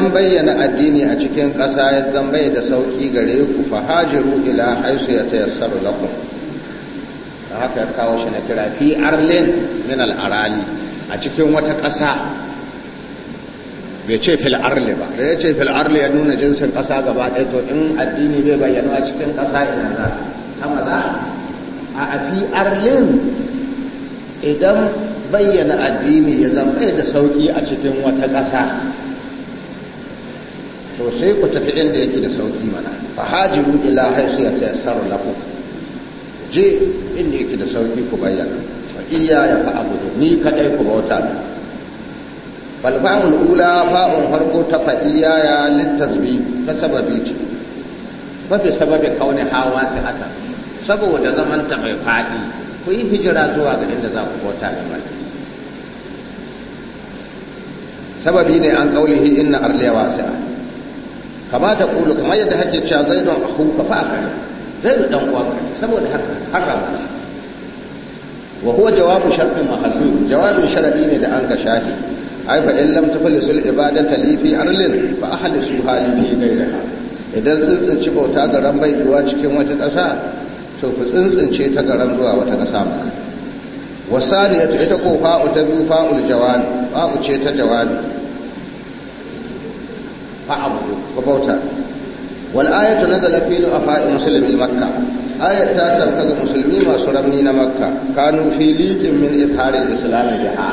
idan bayyana addini a cikin ƙasa ya zambai da sauƙi gare ku fa hajiru ila haisu ya tayassaru lakum da haka ya kawo shi na kira fi arlin min al'arali a cikin wata ƙasa bai ce fil arli ba da ya ce fil arli ya nuna jinsin ƙasa gaba ɗaya to in addini bai bayyana a cikin ƙasa ina za ta maza a fi arlin idan bayyana addini ya zambai da sauƙi a cikin wata ƙasa to sai ku tafi inda yake da sauki mana fa hajiru ila haisu ya tayassaru lakum je inda yake da sauki ku bayyana fa iya ya fa abudu ni kadai ku bauta bal fa'ul ula fa'un farko ta fa iya ya litasbi ta sababi ce ba bi sababi kauni hawa sai aka saboda zaman ta mai fadi ku yi hijira zuwa ga inda za ku bauta ne mallaka sababi ne an kaulihi inna arliya wasi'a kama ta kulu kamar yadda hake cewa ahu ka fa zai zaidu dan uwanka saboda haka haka shi wa huwa jawabu shartin mahallu jawabin sharadi ne da an ka shahi ai fa in lam tuflisul ibadata li fi arlin fa ahlisu hali bi idan tsintsinci bauta ran bai zuwa cikin wata ƙasa to ku tsintsince ta ran zuwa wata ƙasa ba wasaniyatu ita ko fa'u ta biyu fa'ul jawabi fa'u ce ta jawabi fa'abudu ku bauta wal ayatu nazala fi du'afa muslimin makka ayat ta sauka ga musulmi masu ramni na makka kanu fi liqin min izharil islam biha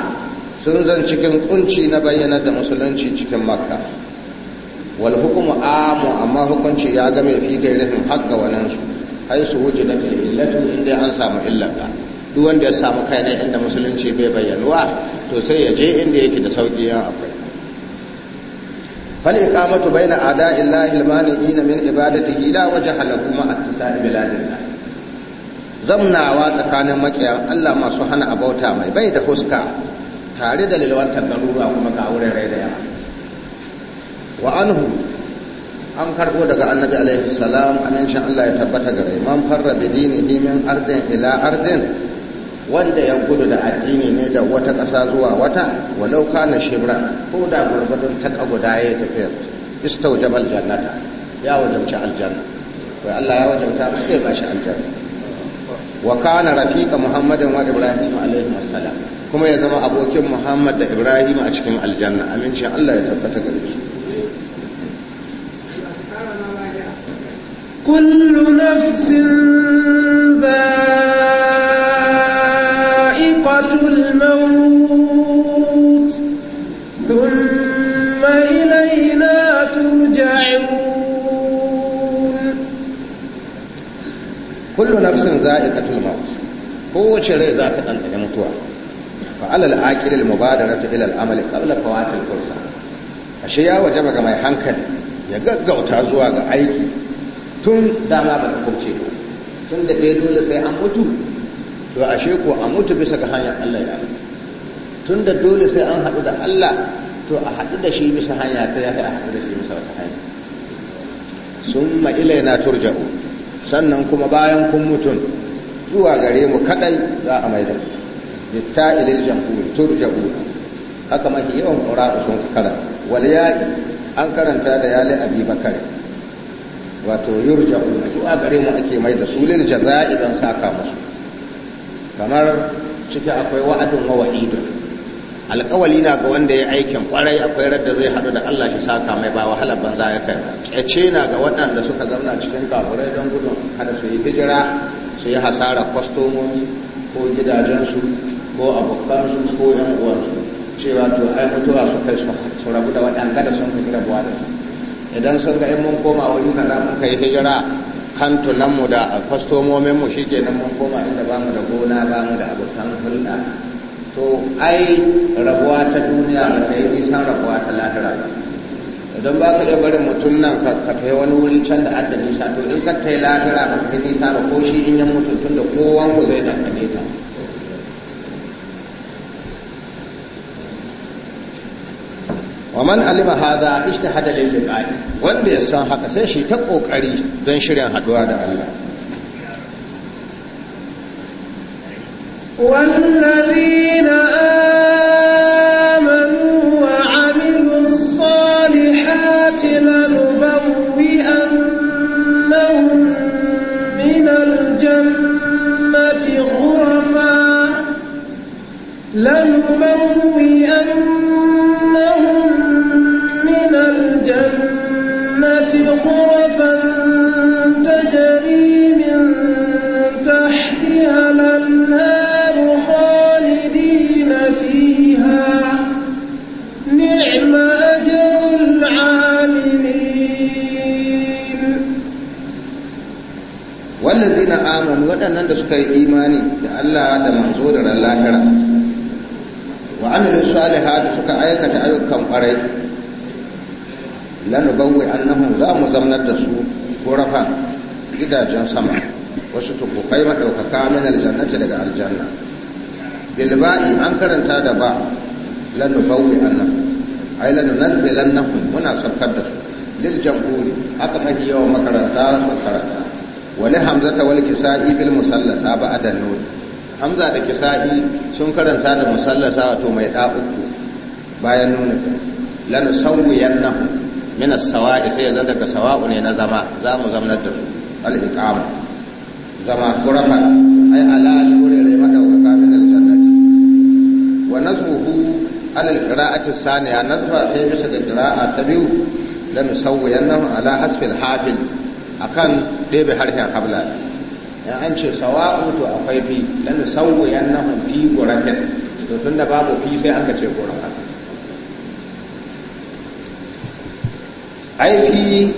sun zan cikin kunci na bayyana da musulunci cikin makka wal hukmu amu amma hukunci ya game fi gairihin hakka wannan su ai su wujida fil illatu inda an samu illata duk wanda ya samu kai ne inda musulunci bai bayyanuwa to sai ya je inda yake da sauki ya akwai fal iqamatu baina ada'illahi al-mani'ina min ibadatihi la wajha lahu ma attisa'i biladillah zamnawa tsakanin makiyan Allah masu hana abauta mai bai da fuska tare da lilwantar garura kuma ga wurin rai da wa anhu an karɓo daga annabi alaihi salam amincin Allah ya tabbata ga man farra dini min ardin ila ardin wanda ya gudu da addini ne da wata ƙasa zuwa wata walau kana shibra ko da gurgudun taƙa guda ya tafi istaujab aljannata ya wajabci aljanna to Allah ya wajabta ba sai ba shi aljanna wa kana rafiqa muhammadin wa ibrahim alaihi wassalam kuma ya zama abokin muhammad da ibrahim a cikin aljanna Aminci Allah ya tabbata gare su kullu nafsin ذائقة kullu na fusun za a yi katul ko wace rai za ta ɗanɗa mutuwa fa’alar aƙilil mu ba da rata ilal amalin ƙabilar fawatar kursa a ya waje ba ga mai hankali ya gaggauta zuwa ga aiki tun dama ba ta tun da ɗaya dole sai an mutu to ashe ko a mutu bisa ga hanyar Allah ya tun da dole sai an haɗu da Allah to a haɗu da shi bisa hanya ta ya a haɗu da shi bisa wata hanya sun ma'ila yana turja'u sannan kuma bayan kun mutum zuwa gare mu kaɗai za a maida litta ilil jamhuri turja'u haka mafi yawan ƙura sun kakara wal ya'i an karanta da yali abi bakare wato yurja'u zuwa gare mu ake mai da su lil jaza'i don saka musu kamar ciki akwai wa'adin wa wa'idun alƙawali na ga wanda ya aikin kwarai akwai radda zai haɗu da Allah shi saka mai ba wahala banza ya kai tsace na ga waɗanda suka zauna cikin kafurai don gudun kada su yi hijira su yi hasara kwastomomi ko gidajensu ko abokansu ko yan uwansu cewa to ai mutuwa su kai su rabu da waɗanda da sun fi rabuwa da su idan sun ga in mun koma wuri kaza mun kai hijira kanto nan mu da mu shi ke mun koma inda ba mu da gona ba mu da abokan hulɗa to ai rabuwa ta duniya ba ta yi nisan rabuwa ta lahira ba idan ba ka iya barin mutum nan ka kai wani wuri can da adda nisa to in ka ta yi lahira ba ka yi nisa ba ko shi in yi mutum tun da kowan ku zai dangane ta ومن علم هذا اجتهد للمبعد وان بيسا حقا سيشي تقو قري دون شريا حدوا دا الله والذين آمنوا وعملوا الصالحات لنبوئنهم من الجنة غرفا لنبوئنهم غرفا تجري من تحتها الأنهار خالدين فيها نعم أجر العاملين والذين آمنوا waɗannan da suka yi imani da Allah da manzo da ran lahira wa amilu salihati suka aikata ayyukan ƙwarai lanubawwi annahum za mu zamnar da su gurafan gidajen sama wasu tukukai maɗaukaka min aljannati daga aljanna bilba'i an karanta da ba lanubawwi annahum ai lanunazzilannahu muna saukar da su lil jamhuri haka mafi yawan makaranta su karanta wani hamza ta wal kisa'i bil musallasa ba da nun hamza da kisa'i sun karanta da musallasa wato mai da uku bayan lanu nuna lanusawwiyannahu min as-sawa'i sai yanzu daga sawa'u ne na zama za mu zamanar da su al zama kurafan ai ala al-qur'ani madaukaka min al-jannati wa nazmuhu ala al-qira'ati saniya nazba ta bisa ga qira'a ta biyu la musawwiyannahu ala hasbil hafil akan ɗebe harshen habla in an ce sawa'u to akwai fi la musawwiyannahum fi qurafin to tunda babu fi sai aka ce qurafin ai fi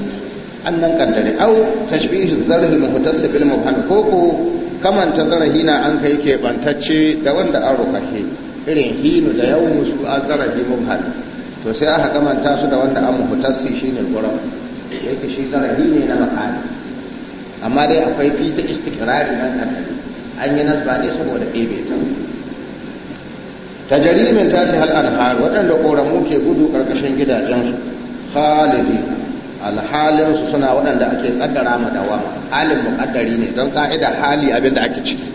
annan kandare au tashbihu zarhi muhtas bil mubham koko kamanta zarahi na an kai ke bantacce da wanda an rufahi irin hinu da yawmu su a zarhi mubham to sai aka kamanta su da wanda an muhtassi shine gurin yake shi zarahi ne na makani amma dai akwai fi ta istiqrari nan kaddare an yi nazba ne saboda ɗebe ta tajarimin ta ta hal anhar waɗanda ƙoramu ke gudu ƙarƙashin gidajensu khalidina alhalin su suna waɗanda ake kaddara ma dawama halin muƙaddari ne don ka'ida hali abin da ake ciki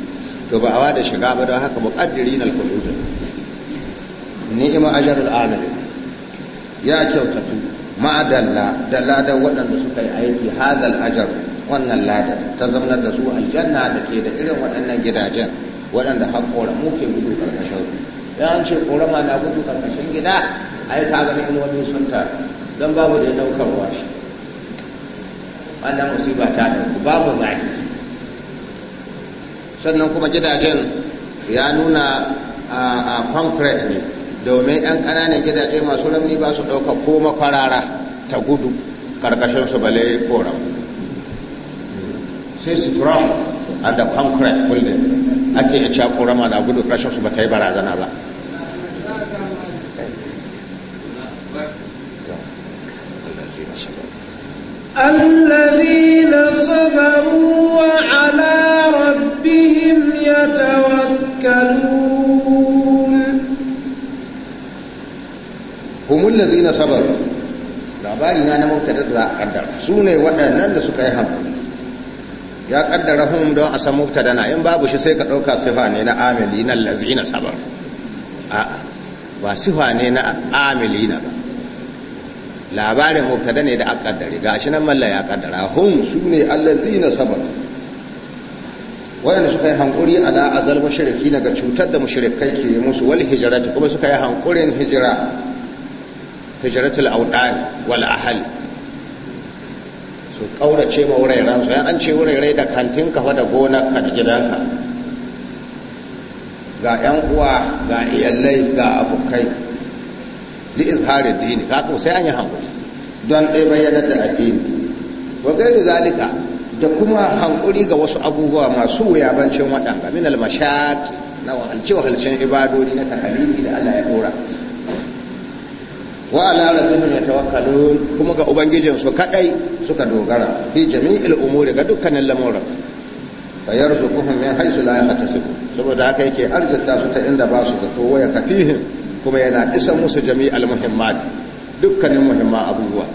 to ba awa da shiga ba don haka na alkhulud ni'ima ajrul amil ya kyautatu dalla da ladan waɗanda suka yi aiki hadal ajar wannan ladan ta zaunar da su aljanna da ke da irin waɗannan gidajen waɗanda har mu ke gudu ƙarƙashin su ya ce ƙorama na gudu ƙarƙashin gida ai ta ga ni'imomi sun taru don babu da daukarwa shi wannan musiba ta dauku babu zaki sannan kuma gidajen ya nuna a concrete ne domin 'yan ƙananan gidaje masu ramni ba su dauka ko makwarara ta gudu karkashin su bale koram sai su turam a da concrete building ake iya cakurama na gudu karkashin su ba ta yi barazana ba الذين صبروا وعلى ربهم يتوكلون هم الذين صبروا labari na na mubtada da kaddara su ne waɗannan da suka yi hankali ya kaddara hum don a san mubtada na in babu shi sai ka ɗauka sifa ne na amili na lazina sabar a'a ba sifa ne na amili ba labarin mubtada ne da ga shi nan malla ya kaddara hum sune allazina sabaru wayanda suka yi hankuri ala azal mushriki daga cutar da mushrikai ke musu wal hijrati kuma suka yi hankurin hijira hijratul awdan wal ahl su kaurace ma wuraren su an ce wurare da kantin kafa da gona ka da gidanka ga yan uwa ga iyalai ga abokai li izharin dini kaga sai an yi hankuri don ɗaya bayyanar da addini wa gairu zalika da kuma hankuri ga wasu abubuwa masu wuyabancin waɗanda min almashat na wahalce wahalcen ibadodi na takalimi da Allah ya dora wa ala rabbihim yatawakkalun kuma ga ubangijin su kadai suka dogara fi jami'il umuri ga dukkanin lamura fa yarzuquhum min haythu la yahtasib saboda haka yake arzuta su ta inda ba su da to waya kafihim kuma yana isan musu jami'al muhimmat dukkanin muhimman abubuwa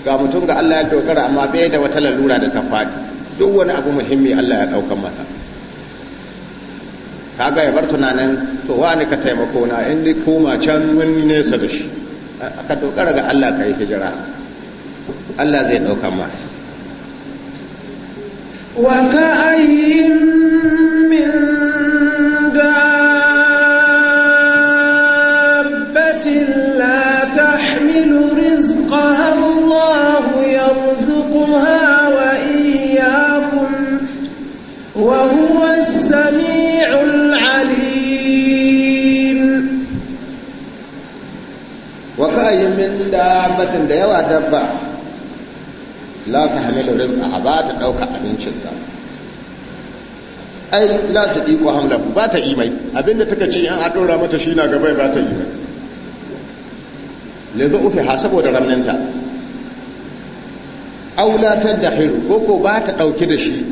ga mutum ga Allah ya dogara amma bai da wata lalura da ta faɗi duk wani abu muhimmi Allah ya ɗaukan mata kaga ya bar tunanin to wani ka taimako na in ni koma can wani nesa da shi aka dogara ga Allah ka yi hijira Allah zai ɗaukan mata ayyin min Ku yanzu ku hawa iya kun wani samihaun al'adun. Wa kaya a bata ɗauka abincin ba. Ai za ta fi kuma hamdaku, ba ta yi mai. Abin ta ke ci a'a ɗora mata shi na gaba ya bata yi mai. lebe ufe ha saboda ramninta ta da hiru ko ba ta ɗauki da shi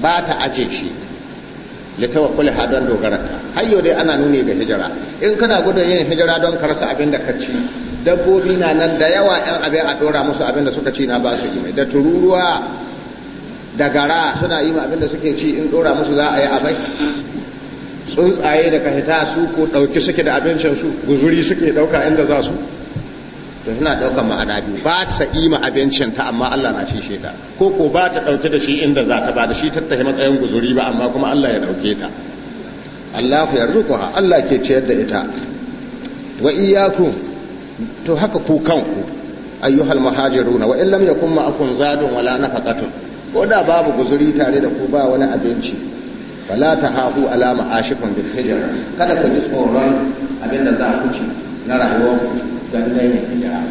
ba ta aje shi ta kula ha don dogaranta hayyo dai ana nuni ga hijira in kana gudun yin hijira don karsa abin da ka ci dabbobi na nan da yawa yan abin a dora musu abin da suka ci na ba su yi mai da tururuwa da gara suna yi ma abin da suke ci in dora musu za a yi abai tsuntsaye da ka hita su ko ɗauki suke da abincin su guzuri suke ɗauka inda za su to suna ɗaukar ma'ana biyu ba ta sa'i ma abincin ta amma Allah na cishe ta ko ko ba ta ɗauke da shi inda za ta ba da shi ta tafi matsayin guzuri ba amma kuma Allah ya ɗauke ta Allah ya rzuquha Allah ke ciyar da ita wa iyyakum to haka ku kanku ayyuhal muhajiruna wa in yakum yakun ma'akum zadun wala nafaqatun ko da babu guzuri tare da ku ba wani abinci wala ta hahu alama ashikun bil hijra kada ku ji tsoron abin da za ku ci na rayuwar ku dan dai hijira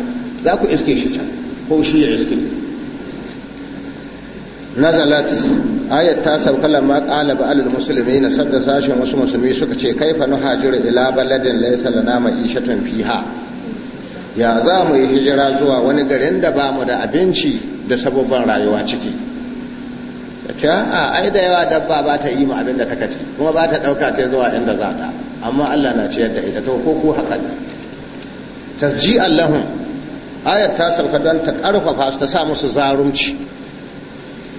za ku iske shi can ko shi ya iske nazalat ayat ta sauka lamma qala ba al muslimin sadda sashin wasu musulmi suka ce kaifa nuhajiru ila baladin laysa lana ma'ishatun fiha ya za mu yi hijira zuwa wani garin da ba mu da abinci da sababban rayuwa ciki a ai da yawa dabba ba ta yi ma abin da ta kaci kuma ba ta ɗauka ta zuwa inda za ta amma Allah na ciyar da ita to ko ku haka ne tasji Allahum ayat ta sarfa don ta karfafa su ta sa musu zarumci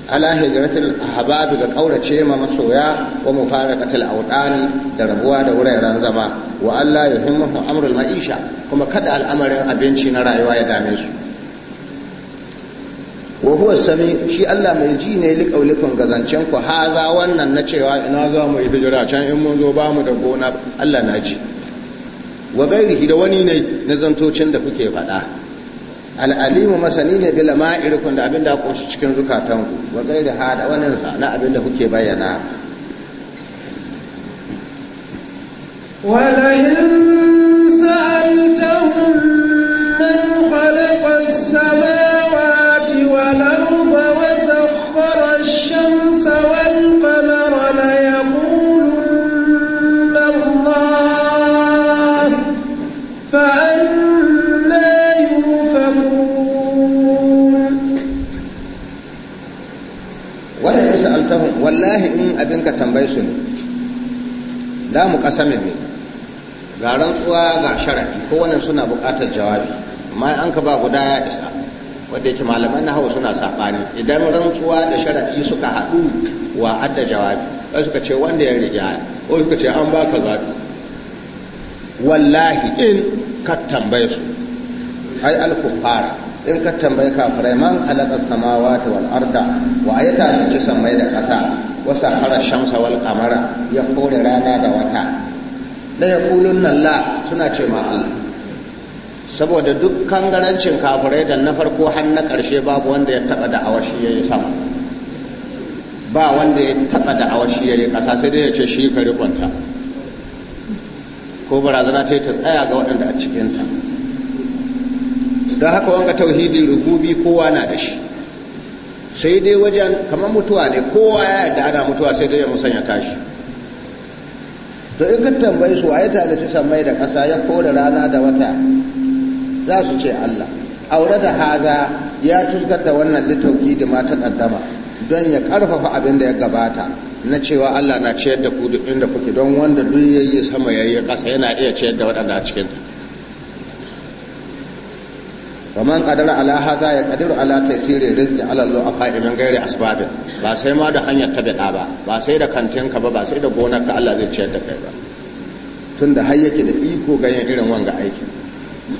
ala hijratil ahbab ga kaurace ma masoya wa mufaraqatil awdani da rabuwa da wuraren zama wa Allah yuhimmuhu amrul ma'isha kuma kada al'amarin abinci na rayuwa ya dame su wa huwa sami shi Allah mai ji ne liƙaulikun gazancen ku Ha za wannan na cewa ina za mu yi hijira can in mun zo ba mu da gona Allah na ji wa gairihi da wani ne na zantocin da kuke faɗa al'alimu masani ne bila ma'irikun da abin da kunshi cikin ku wa gairi ha da wani na abin da kuke bayyana ولئن سألت wallahi in abin ka tambayi su ne za mu mai ne ga rantsuwa ga sharafi ko wannan suna buƙatar jawabi amma an ka ba guda ya isa wanda yake malaman na hau suna saɓani idan rantsuwa da sharafi suka haɗu wa adda jawabi wai suka ce wanda ya riga ko suka ce an baka zaɓi wallahi in ka tambaye su ai alkufara in ka tambayi kafirai man khalaqa samawati wal arda wa ayata ci sammai da kasa wasa sahara shamsa wal qamara ya kore rana da wata la nan la suna ce ma Allah saboda duk kangarancin kafirai da na farko har na karshe babu wanda ya taba da awashi yi sama ba wanda ya taba da awashi yi kasa sai dai ya ce shi ka rikonta ko barazana ta tsaya ga waɗanda a cikinta don haka wanga tauhidin rububi kowa na da shi sai dai wajen kamar mutuwa ne kowa ya yadda ana mutuwa sai dai ya musanya tashi to in ka tambayi su waye ta halitta mai da ƙasa ya kore rana da wata za su ce Allah aure da haza ya tuskar da wannan litauki da mata ƙaddama don ya ƙarfafa abin da ya gabata na cewa Allah na ciyar da ku duk inda kuke don wanda duk yayi sama yayi ƙasa yana iya ciyar da waɗanda a cikinta wa man qadara ala hadha ya qadiru ala taysiri rizqi ala Allah a qa'iman gairi asbabin ba sai ma da hanyar ta da ba ba sai da kantin ka ba ba sai da gonar ka Allah zai ciyar da kai ba tunda har yake da iko ganyen irin wanga aiki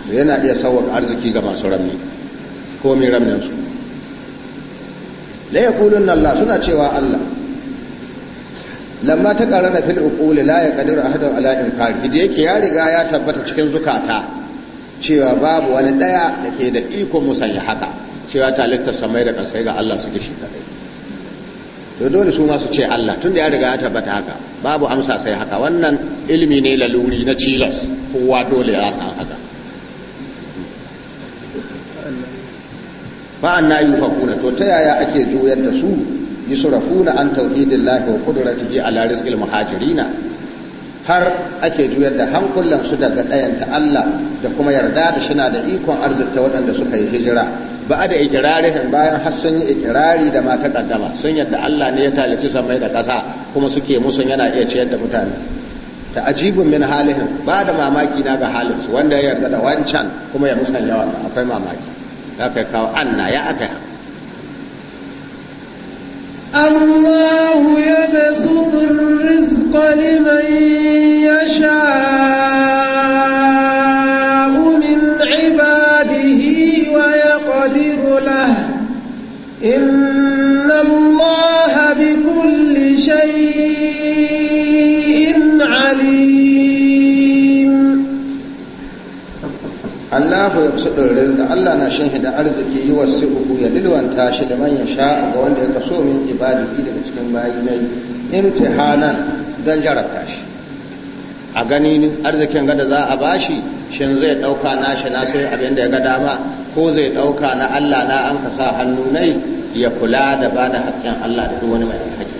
to yana iya sauwaka arziki ga masu ramni ko mai ramnin su la yaqulun Allah suna cewa Allah lamma ta qarana fil uquli la yaqdiru ahadun ala inkari da yake ya riga ya tabbata cikin zukata cewa babu wani ɗaya da ke da ikon musanya haka cewa talittar samai da kansai ga Allah ke shi kadai to dole su masu ce Allah tun da ya riga ya tabbata haka babu amsa sai haka wannan ilimi ne laluri na cilas kowa dole ya san haka an na yi to ta yaya ake juyar da su yi na an tauhidillahi wa kudratihi ala rizqil muhajirina har ake juyar da hankulan su daga ɗayan ta Allah da kuma yarda da shi na da ikon arzikta waɗanda suka yi hijira ba da ikirarihin bayan har sun yi ikirari da mata kaddama sun yadda Allah ne ya talici samai da ƙasa kuma suke musun yana iya ciyar da mutane ta ajibun min halihin ba da mamaki na ga halinsu wanda ya yarda da wancan kuma ya musanya wannan akwai mamaki ya kai kawo anna ya aka yi. الله يبسط الرزق لمن يشاء ko ya fusu ɗorin da Allah na shan hidan arziki yi wasu uku ya lilwanta shi da manyan sha ga wanda ya kaso min ibadiki daga cikin bayi nai imtihanan don jarabta shi a gani arzikin gada za a bashi shin zai ɗauka na shi na sai abin da ya ga dama ko zai ɗauka na Allah na an kasa sa hannu nai ya kula da ba da haƙƙin Allah da duk wani mai haƙƙi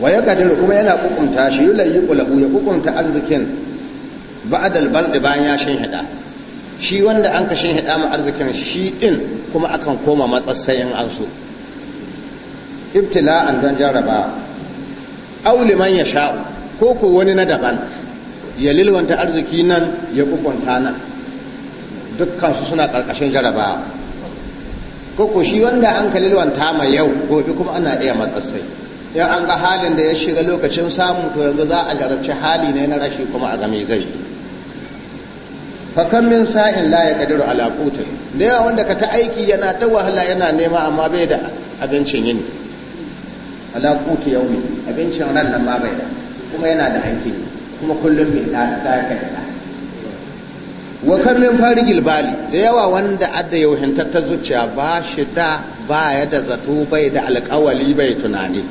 wa ya kuma yana kukunta shi yulayi kulahu ya kukunta arzikin ba'adal baldi bayan ya hida shi wanda an ka hida ma arzikin shi ɗin kuma akan koma matsatsayin an so ibtila'an don jaraba auli man ya sha'u ko ko wani na daban ya lilwanta arziki nan ya kukunta nan dukkan su suna ƙarƙashin jaraba, ko ko shi wanda an ka lilwanta ma yau gobe kuma ana iya matsatsai in an ga halin da ya shiga lokacin samu to yanzu za a jarabci hali ne na rashi kuma a game zai fakan min sa'in la ya kadiru ala qutin da yawa wanda ka ta aiki yana ta wahala yana nema amma bai da abincin yini ala yau ne abincin ran nan ma bai da kuma yana da hankali kuma kullum mai da ta ka da wa kan min farigil bali da yawa wanda adda ta zuciya ba shi da baya da zato bai da alƙawali bai tunani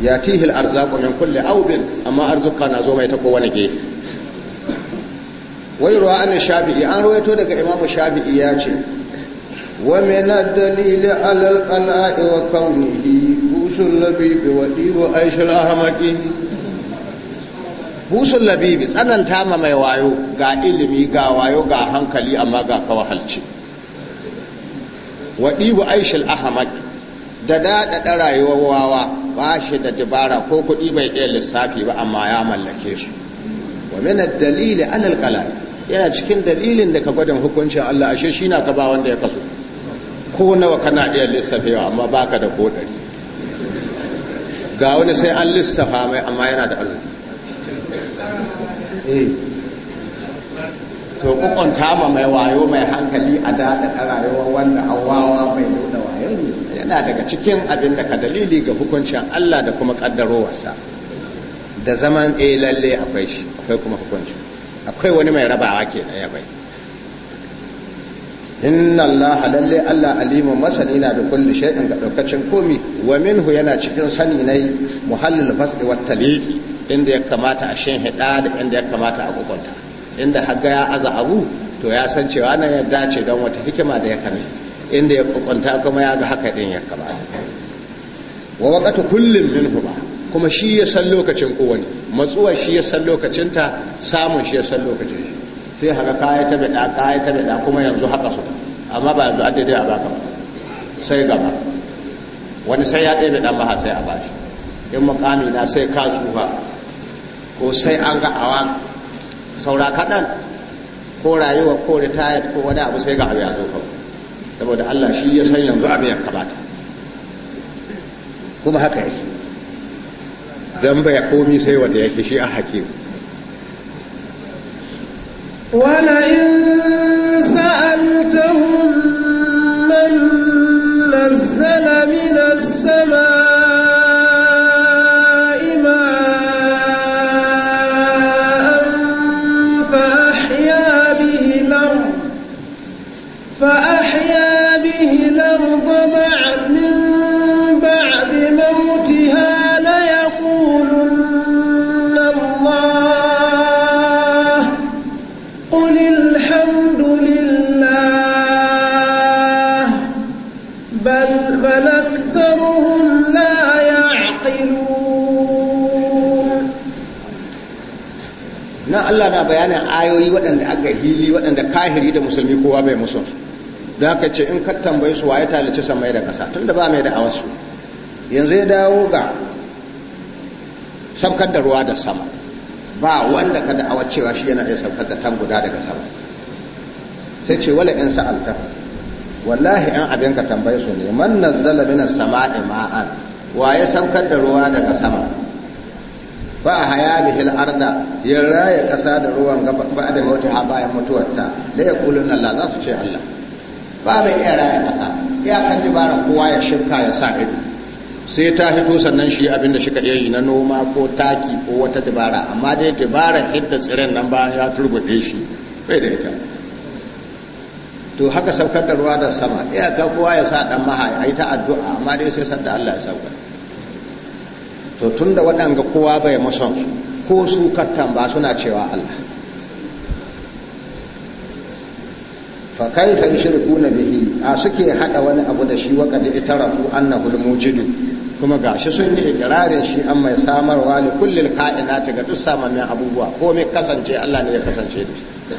ya tihil arzaku min kulli aubin amma arzuka na zo mai ta kowane gefe ruwa an shafi'i an ruwaito daga imam shafi'i ya ce wa min ad-dalil ala al-qala'i wa kawnihi busul labib wa dibu aisha al-ahmaqi busul labib tsananta ma mai wayo ga ilimi ga wayo ga hankali amma ga kawahalci wa dibu aisha al ahmaki da daɗaɗa rayuwar wawa ba shi da dabara ko kuɗi bai iya lissafi ba amma ya mallake su wa min ad-dalil ala al-qala'i yana cikin dalilin da ka gwadon hukuncin Allah ashe shi na ka ba wanda ya kaso ko nawa kana iya lissafewa amma baka da ko ɗari ga wani sai an lissafa mai amma yana da allo eh. to kukunta ma mai wayo mai hankali a dasa ta rayuwar wanda awawa mai nuna wayo yana daga cikin abin da ka dalili ga hukuncin Allah da kuma kaddarowarsa da zaman eh lalle akwai shi akwai kuma hukuncin akwai wani mai rabawa ke na yabai inna Allah lalle Allah alimu masani na da kulli shay'in ga daukacin komi wa minhu yana cikin sani nai muhallil fasli wat taliki inda ya kamata a shin hida da inda ya kamata a kokonta inda haga ya aza abu to ya san cewa nan ya dace don wata hikima da ya kame inda ya kokonta kuma ya ga haka din ya kamata wa waqatu kullin minhu ba kuma shi ya san lokacin kowane matsuwa shi ya san lokacinta samun shi ya san lokacin shi sai haka kaya ta bada kaya ta bada kuma yanzu haka su amma ba yanzu adade a baka sai gaba wani sai ya ɗaya bada maha sai a bashi in mukami na sai ka tsufa ko sai an ga awa saura kaɗan ko rayuwa ko ritayat ko wani abu sai ga abu ya zo kawai saboda Allah shi ya san yanzu abin ya kamata kuma haka yake dan ya komi sai wanda yake shi a hakim wala in sa'altahum man nazzala minas samaa nan Allah na bayanin ayoyi waɗanda aka hili waɗanda kahiri da musulmi kowa bai musu da aka ce in ka tambayi su waye san samai da ƙasa tunda ba mai da hawasu yanzu ya dawo ga sabkar da ruwa da sama ba wanda ka da cewa shi yana iya sabkar da tan guda daga sama sai ce wala in sa'alta wallahi an abin ka tambayi su ne man nazzala minas sama'i ma'an waye sabkar da ruwa daga sama fa a haya bihil arda ya raya ƙasa da ruwan gaba ba da wata ha bayan mutuwarta da ya kulun Allah za su ce Allah ba bai iya raya ƙasa iyakan dabarar kowa ya shirka ya sa ido sai ta hito sannan shi abin da shika yayi na noma ko taki ko wata dabara amma dai dabarar hidda tsiren nan ba ya turbude shi bai da ita to haka saukar da ruwa da sama iyaka kowa ya sa dan mahaya ai ta addu'a amma dai sai sanda Allah ya saukar to tun da waɗanga kowa bai masonsu ko su kattan ba suna cewa Allah fa kaifa na bihi a suke hada wani abu da shi waqad ita annahu al-mujidu kuma gashi sun yi ikirarin shi an mai samarwa kullum ka'ina ta ga duk samamin abubuwa ko mai kasance Allah ne ya kasance da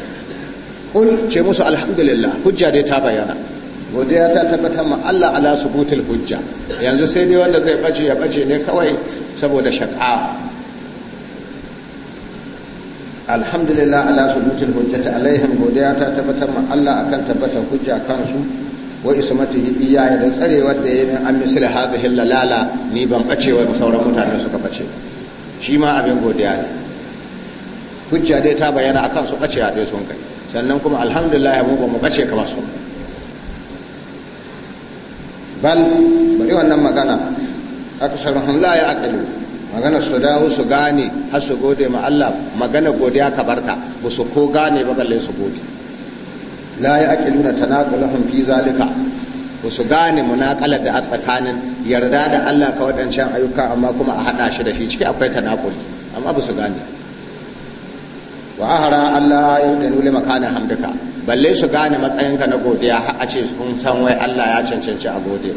shi ce musu alhamdulillah hujja dai ta bayyana godiya ta tabbatar ma Allah ala subutul hujja yanzu sai dai wanda zai bace ya bace ne kawai saboda shaka alhamdulillah ala subutul ta alaihim godiya ta tabbatar ma Allah akan tabbatar hujja kansu wa ismatihi iyaya da tsarewar da yayin an misal hadhihi lalala ni ban bace wa sauran mutane suka bace shi ma abin godiya ne hujja dai ta bayyana akan su bace a dai sun kai sannan kuma alhamdulillah mu ba mu bace kamar su bal bari wannan magana aksaruhum la ya'qilu magana su dawo su gane har su gode ma Allah magana godiya ka barka ba su ko gane ba balle su gode la ya na tanaqulahum fi zalika ba su gane munakalar da a tsakanin yarda da Allah ka waɗancan ayyuka amma kuma a haɗa shi da shi ciki akwai tanakuli amma ba su gane wa ahara Allah ya yi da nule makanin hamdaka balle su gane matsayinka na godiya har a ce sun san wai Allah ya cancanci a gode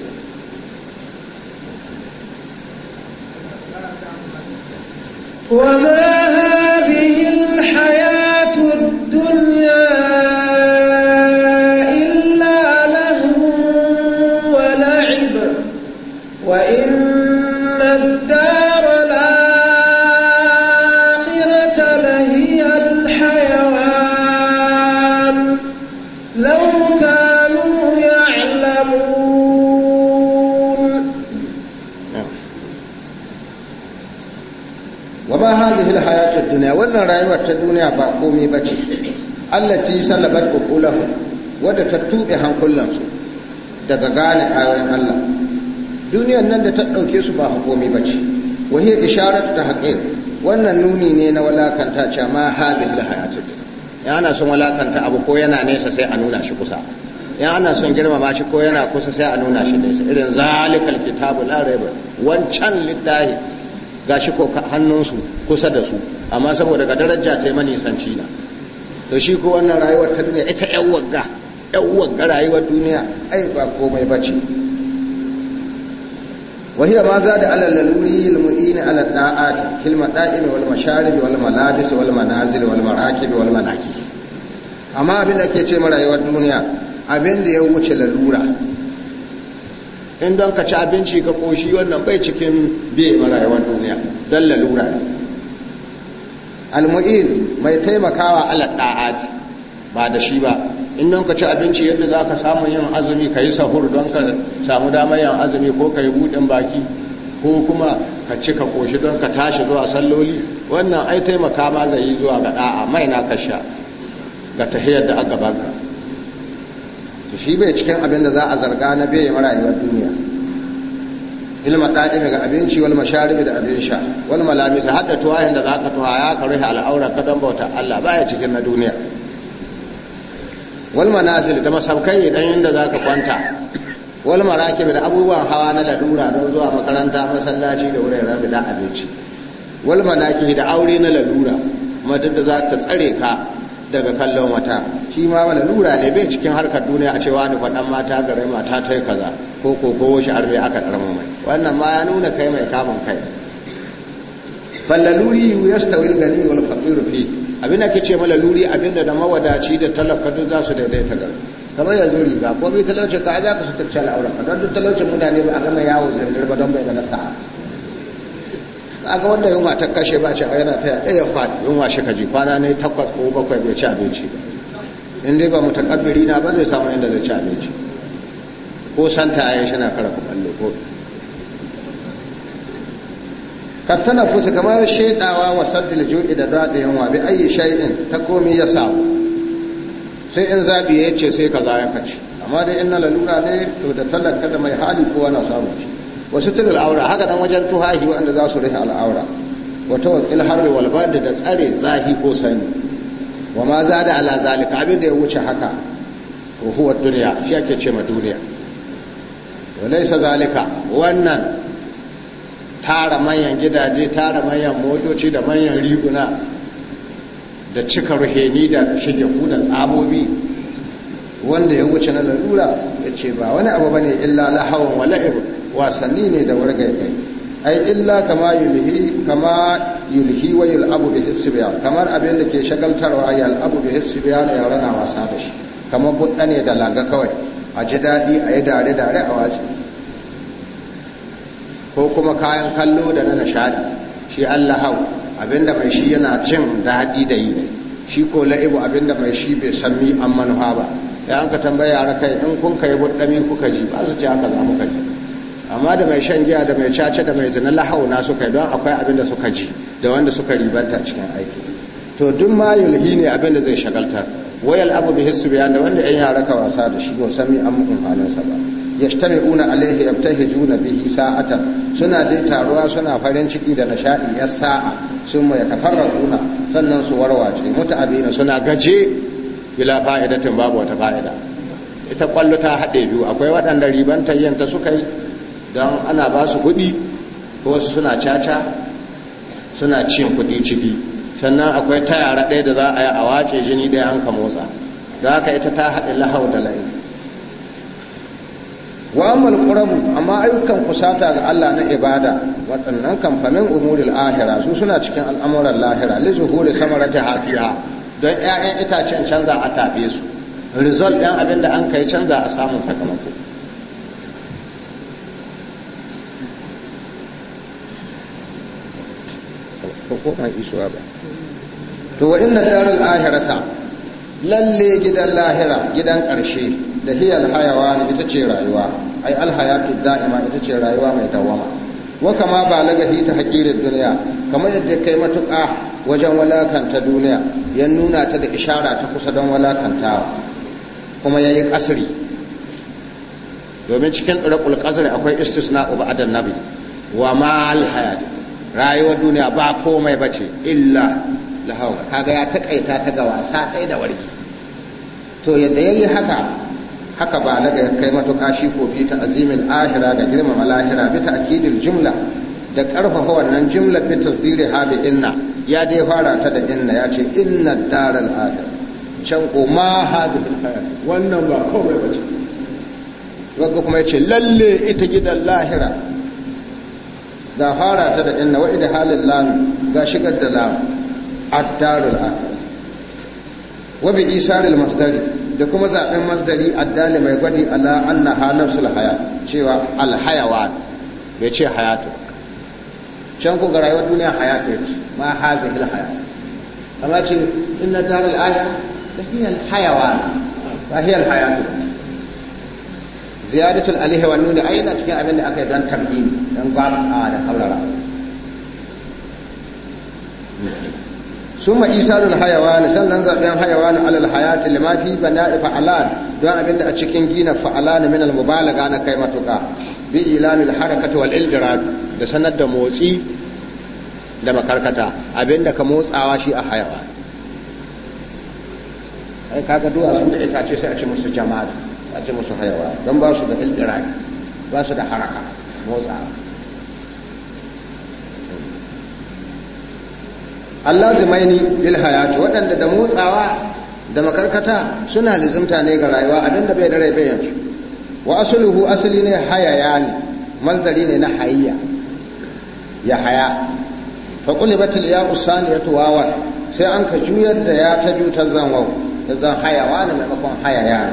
duniya wannan rayuwar ta duniya ba komai ba ce allati salabat uqulahu wadda ta tuɓe hankulansu daga gane ayoyin Allah duniyar nan da ta ɗauke su ba hukumi ba ce wahiyar sharatu ta haƙe wannan nuni ne na walakanta ce ma hadin da hayatu ya ana son walakanta abu ko yana nesa sai a nuna shi kusa ya ana son girmama shi ko yana kusa sai a nuna shi nesa irin zalikal kitabu la raiba wancan littahi gashi ko hannunsu kusa da su amma saboda ga daraja ta yi manisanci na to shi ko wannan rayuwar ta duniya ita yan wagga yan wagga rayuwar duniya ai ba komai ba ce ma وهي ما زاد على اللوري المؤين على الطاعات في المطاعم والمشارب والملابس والمنازل والمراكب والمناكب amma abin da ke ce ma rayuwar duniya abin da ya wuce lalura in don ka ci abinci ka koshi wannan bai cikin biye ma rayuwar duniya don lalura ne almu'in mai taimakawa ala da'ati ba da shi ba in nan ka ci abinci yadda za ka samu yin azumi ka yi sahur don ka samu damar yin azumi ko ka yi buɗin baki ko kuma ka ci ka koshi don ka tashi zuwa salloli wannan ai taimaka ma zai yi zuwa ga da'a mai na ka sha ga tahiyar da aka baka shi bai cikin abin da za a zarga na bai rayuwar duniya bil ga abinci wal masharibi da abin sha wal malamis hadda tuwahin da zaka tuwa ya ka rufe al'aura ka dan bauta Allah baya cikin na duniya wal manazil da masaukai dan inda zaka kwanta wal marakib da abubuwan hawa na lalura don zuwa makaranta masallaci da wurin rabi da abinci wal manaki da aure na lalura madad da za ta tsare ka daga kallon wata shi ma wani lura ne bai cikin harkar duniya a cewa ni faɗan mata gare mata ta yi kaza ko ko ko shi arme aka karma mai wannan ma ya nuna kai mai kamun kai fallaluri yastawi al-gani wal faqir fi abinda kace malaluri abinda da mawadaci da talaka duk za su daidaita gari kamar yanzu riga ko bai talauce ka za ka sutarci al'auranka don duk talaucin mutane ba a gama yawo zandar ba don bai da nasa'a ga wanda yunwa ta kashe ba ce yana ta ɗaya kwan yunwa shi kaji kwana ne takwas ko bakwai bai ci abinci ba in dai ba mu na ba zai samu inda zai ci abinci ko santa ayi shi na kara kumallo ko tana fusu kamar shaidawa wa sattila juɗi da zaɗa yunwa bi ayi shaidin ta komi ya samu sai in zaɓi ya ce sai ka za ka kaci amma dai in na lalura ne to da talaka da mai hali kowa na samu shi Wasu suturul aura haka nan wajen tuhahi wanda za su rufe al'aura Wata tawakkil har wal da tsare zahi ko sani wa ma za da ala zalika abin da ya wuce haka wa duniya shi ake ce ma duniya wa laysa zalika wannan tara manyan gidaje tara manyan motoci da manyan riguna da cika ruheni da shige da tsabobi wanda ya wuce na lalura ya ce ba wani abu bane illa lahawan wa wasanni ne da wargaigai ai illa kama yulhi kama yulhi wa yul'abu bi hisbiya kamar abin da ke shagaltarwa yal'abu bi ne ya na wasa da shi kamar gudda ne da langa kawai a ji daɗi a yi dare dare a watsi ko kuma kayan kallo da na nishadi shi Allah hau abinda mai shi yana jin daɗi da yi ne shi ko la'ibu abinda mai shi bai san mi an manufa ba da an ka tambaya yara kai in kun kai buɗɗami kuka ji ba su ce haka za mu ka ji amma da mai shan giya da mai caca da mai zina lahauna suka yi don akwai abin da suka ji da wanda suka ribanta cikin aiki to duk ma yulhi ne abin da zai shagaltar wayal abu bi hissu biyan da wanda yan yara ka wasa da shi ba sami an mukun halin sa ba ya shi una alaihi yabtahijuna bihi sa'ata suna dai taruwa suna farin ciki da nishaɗi ya sa'a sun mu una sannan su warwace mutu muta'abina suna gaje bila fa'idatin babu wata fa'ida ita kwallo ta haɗe biyu akwai waɗanda riban yanta suka yi don ana ba su ko wasu suna caca suna cin kuɗi ciki sannan akwai ta yara ɗaya da za a yi a wace jini ɗaya an ka motsa da haka ita ta haɗe lahau da lai wa amal amma ayyukan kusata ga Allah na ibada waɗannan kamfanin umuril ahira su suna cikin al'amuran lahira li zuhuri samarati hatiha don 'ya'yan itacen canza a tafe su result ɗin abin da an kai canza a samun sakamako ko isuwa ba to wa inna darul ahirata lalle gidan lahira gidan ƙarshe da hiya alhayawan ita ce rayuwa ai alhayatu da'ima ita ce rayuwa mai dawama wa kama lagahi ta hakirin duniya kamar yadda kai matuƙa wajen walakanta duniya ya nuna ta da ishara ta kusa don walakantawa kuma ya yi ƙasiri domin cikin ɗuraƙul ƙasiri akwai istisna uba adan nabi wa ma alhayatu rayuwar duniya ba komai ba ce illa lahau kaga ya taƙaita ta ga wasa ɗaya da warki to yadda ya yi haka haka ba na ga kai matuƙa shi ko bi ta azimin ahira da girmama lahira bi ta akidil jumla da ƙarfafa wannan jumla bi tasdiri ha bi inna ya dai fara ta da inna ya ce inna daral ahir can ko ma ha bi wannan ba komai ba ce kuma ya ce lalle ita gidan lahira da fara ta da inna wa'ida halin lami ga shigar da lamu addarul akal wa bi isaril masdari da kuma zaben masdari addali mai gwadi ala anna, nafsul haya cewa al hayawan bai ce hayatu can ku ga rayuwar duniya hayatu ma hazihi al haya amma ce inna darul akhir da hiya al hayawan ba hiya al hayatu ziyadatul alihi wa nun aina cikin abin da aka yi don tambini n gɔɣa aada kabla ra ثم إيصال الحيوان سنن زبيان حيوان على الحياة لما في بناء فعلان دون أبن أتشكين جينا فعلان من المبالغة أنا كيمتك بإيلام الحركة والإلدراد da sanar da motsi da makarkata abinda ka motsawa shi a hayawa ai kaga duwatsu da itace sai a ce musu jama'a a ce musu hayawa don ba su da ildiraki ba su da haraka motsawa Allah zimaini lil hayati waɗanda da motsawa da makarkata suna lizimta ne ga rayuwa abinda bai da rai bai yanzu wa asluhu asli ne hayaya ne mazdari ne na hayya ya haya fa batil ya usaniyatu sai an ka juyar da ya ta jutar zanwa ta zan hayawa ne maimakon hayaya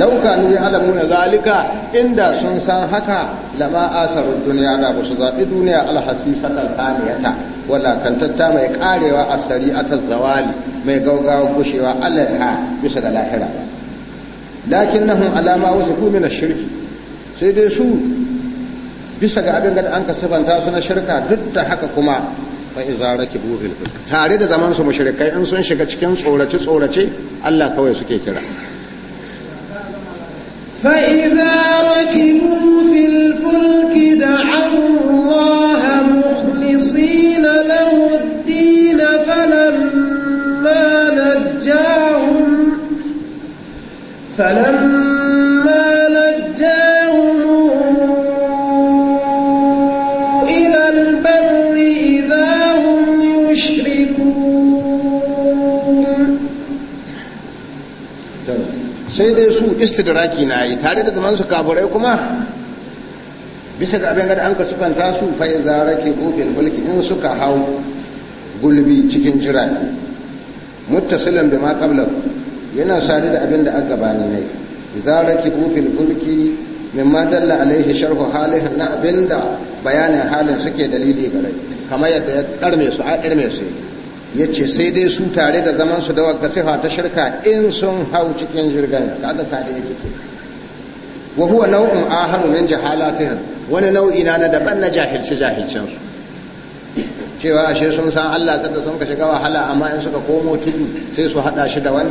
lauka nu ya alamu na zalika inda sun san haka lama asarar duniya da ba su zaɓi duniya alhasisatar kamiyata walakantatta mai karewa a a tazzawali mai gaugawa gushewa alaiha bisa ga lahira lakin na hun alama wasu na shirki sai dai su bisa ga abin da an ka sifanta su na shirka duk da haka kuma fa iza rakibu ku. tare da zaman su mushrikai in sun shiga cikin tsorace tsorace Allah kawai suke kira فإذا ركبوا في الفلك دعوا نجاهم فلما sai dai su istidraki na yi tare da zaman su kaburai kuma bisa ga abin gada an ka sufanta su zara ke ofin mulki in suka hau gulbi cikin jirage muttasilan bima qablahu yana sadu da abin da aka gabani ne idza rakibu fil fulki mimma dalla alaihi sharhu halihin na abinda bayanin halin suke dalili gare kamar yadda ya karme su a karme su yace sai dai su tare da zaman su da wakka sifa ta shirka in sun hau cikin jirgin kaga sadu yake ke wa huwa nau'un aharu min jahalatihim wani nau'i na daban na jahilce jahilcen su cewa ashe sun san Allah sadda sun ka shiga wahala amma in suka komo tudu sai su hada shi da wani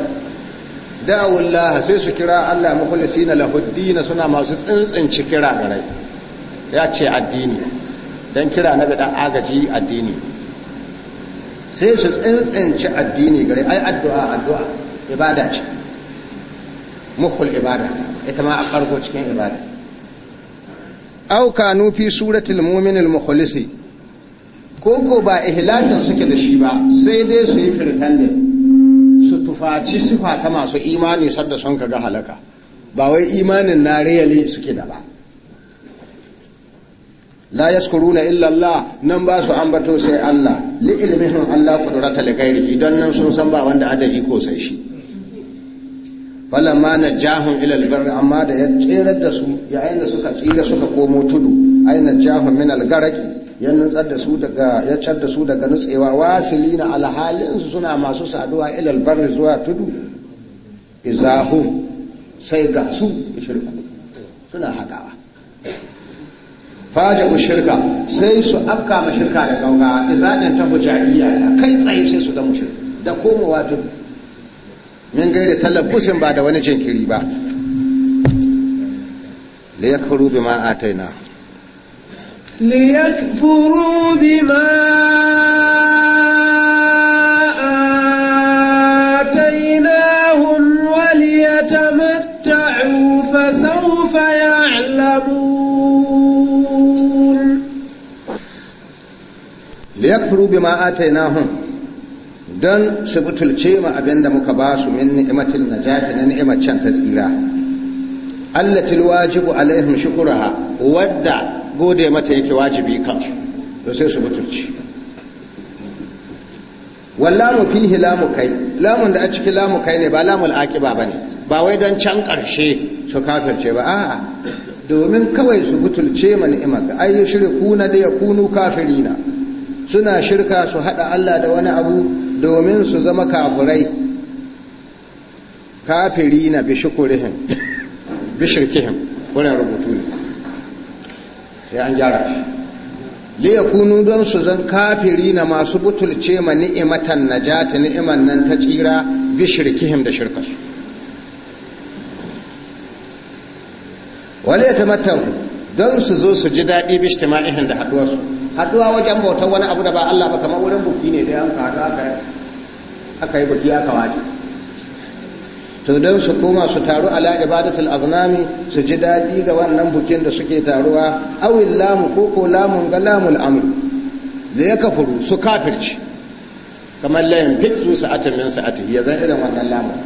da'awullah sai su kira Allah mukhlisina lahuddin suna masu tsintsinci kira garai ya ce addini dan kira na bida agaji addini sai su tsintsinci addini gare ai addu'a addu'a ibada ce mukhul ibada ita ma a farko cikin ibada aw kanu fi suratul mu'minil mukhlisi Koko ba ihlasin suke da shi ba sai dai su yi firtandin su tufaci sifa ta masu imani sadda son ka ga halaka ba wai imanin na riyali suke da ba la yaskuruna illa Allah nan ba su ambato sai Allah li Allah qudrata li ghairihi don nan sun san ba wanda ada iko sai shi falamma jahun ilal albarri amma da ya tsirar da su yayin da suka tsira suka komo tudu ai jahun min algaraki ya nutsar da su daga ya car da su daga nutsewa wasilina alhalin su suna masu saduwa ilal barri zuwa tudu izahum sai ga su shirku suna haɗawa faja shirka sai su afka ma shirka da gauga izadin ta hujaiya kai tsaye sai su da mushirka da komowa tudu min gaira talabushin ba da wani jinkiri ba da ya karu ma'ataina ليكفروا بما آتيناهم وليتمتعوا فسوف يعلمون ليكفروا بما آتيناهم don su butulce ma abin da muka basu su min ni'imatin najati na ta tsira allatil wajibu alaihim shukuraha wadda gode mata yake wajibi kansu to sai su mutunci wallamu fihi lamu kai lamun da a cikin lamu kai ne ba lamul akiba bane ba wai don can karshe su kafirce ba a'a domin kawai su butulce ma ni'imaka ai yushrikuna li yakunu kafirina suna shirka su hada Allah da wani abu domin su zama kafirai kafirina bi shukurihin bishirkihim wannan rubutu ne sai an gyara shi liyakunu don su zan kafiri na masu butulce ma ni'imatan najata ni'iman nan ta tsira bi shirkihim da wani wale ta matan don su zo su ji daɗi bi shtima'ihin da su haɗuwa wajen bautar wani abu da ba Allah ba kamar wurin buki ne da yanka haka aka yi buki aka waje to don su koma su taru ala ibadatul aznami su ji daɗi ga wannan bukin da suke taruwa awil lamu ko ko lamun ga lamul amr da ya kafuru su kafirci kamar layin Fik su sa'atin min sa'ati ya zan irin wannan lamun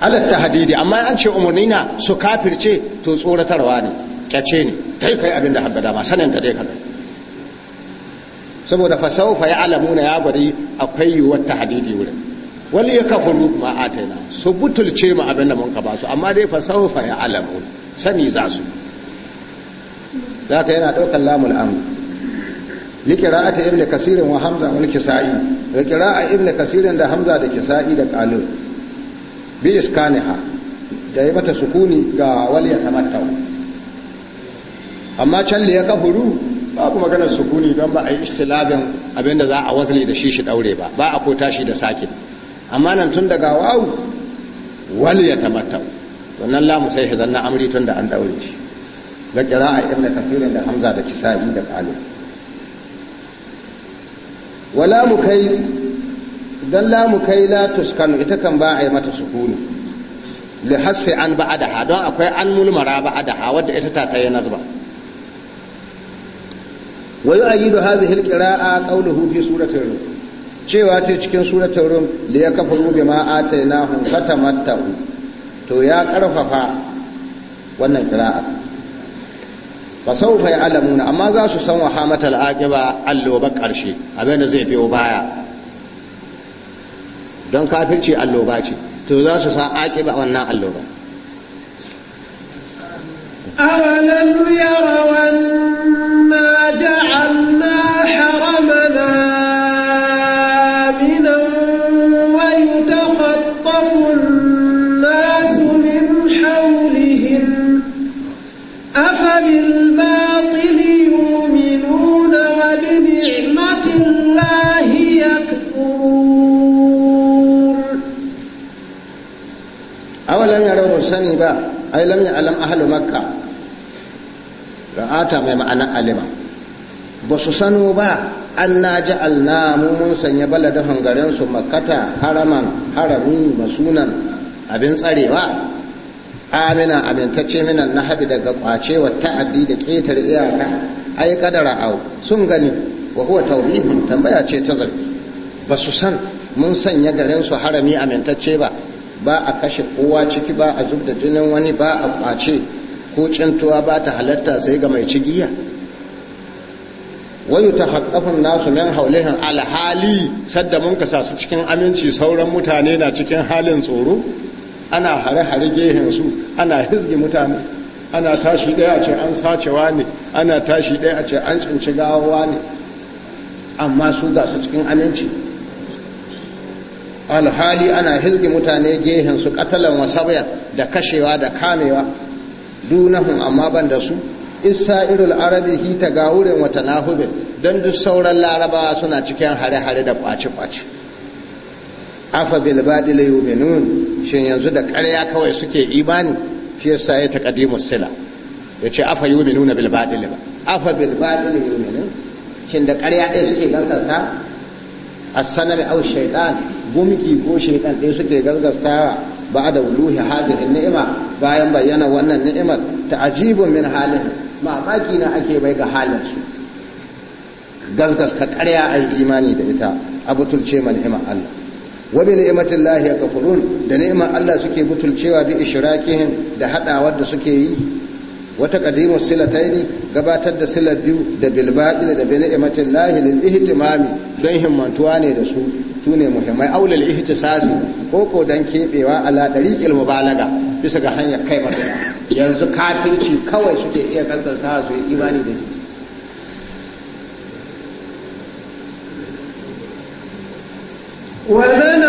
ala tahdidi amma an ce umarni su kafirce to tsoratarwa ne kace ne kai kai abinda da ba ma sanin da dai kaza saboda fasau fa ya alamuna ya gwari akwai yuwar tahdidi wurin wal yakfuru ma ataina su butulce mu abin da mun ka ba su amma dai fasau fa ya alamuna sani za su zaka yana daukar lamul amr yi ibn kasirin wa hamza wani kisa'i likira a ibn kasirin da hamza da kisa'i da qalil bi iskaniha da yi mata sukuni ga wal yatamattau amma can ya kafuru babu maganar sukuni don ba a yi istilabin abinda za a wazle da shi shi daure ba ba a ko tashi da sakin amma nan tun daga wawu wal ya tabatta wannan lamu sai shi zanna amri tun da an daure shi da a ibn kasirin da hamza da kisa'i da kalu wala mu kai dan lamu kai la tuskanu ita kan ba a yi mata sukuni li hasfi an ba'adaha don akwai an mulmara ba'adaha wadda ita ta tayi nazba wa yu'ayyidu hadhihi al-qira'a qawluhu fi surati rum cewa ce cikin surati rum li yakfuru bima atainahum fatamattahu to ya karfafa wannan ba sau fai alamuna amma za su san wa hamatal ba alloba karshe abin da zai biyo baya don kafirci alloba ce to za su san ba wannan alloba أولم يروا عملا آمنا ويتخطف الناس من حولهم أفبالباطل يؤمنون وبنعمة الله يكفرون أولم يروا السنبا أي لم يعلم أهل مكة رآتا مما أنا ألمه ba su sano ba an na ji alnamu mun sanya hangaren su makata haraman harami masunan abin tsarewa amina amintacce minan na habi daga kwace wa ta'addi da ƙetare iyaka ai kadara au sun gani wa huwa tawbihun tambaya ce ta zarki ba su san mun sanya su harami amintacce ba ba a kashe kowa ciki ba a zub da jinin wani ba a kwace ko cintuwa ba ta halatta sai ga mai cigiya wayu ta haƙafin nasu min haulihin alhali sadda mun kasa su cikin aminci sauran mutane na cikin halin tsoro ana hare-hare gehen su ana hizgi mutane ana tashi ɗaya a ce an sacewa ne ana tashi ɗaya a ce an cinci gawawa ne amma su ga su cikin aminci alhali ana hizgi mutane gehen su katalan wasabiya da kashewa da kamewa dunahun amma ban da su isa'irul arabi hi ta gawurin wata nahubin don duk sauran larabawa suna cikin hare-hare da kwace-kwace afa bil badil yu'minun shin yanzu da ƙarya kawai suke imani shi yasa ya taqdimu sila yace afa yu'minuna bil badil ba afa bil badil yu'minun shin da ƙarya ɗaya suke gaskata as sanami aw shaytan gumki ko shaytan ɗaya suke gaskatawa ba da wuluhi hadhihi ni'ima bayan bayyana wannan ni'imar ta'jibun min halin mamaki na ake bai ga halinsu gasgas ta karya a yi imani da ita a butulce ma ni'imar Allah wa bi ni'matin lahi kafurun da ni'imar Allah suke butulcewa bi ishrakihim da hadawar da suke yi wata qadimu silataini gabatar da silar biyu da bil da bi ni'imatin lahi lil ihtimami don himmantuwa ne da su tune muhimmai aulal ihtisasi ko ko dan kebewa ala dariqil mubalaga bisa ga hanyar kai ba yanzu kafirci kawai suke iya kantarsa su yi imani da shi wannan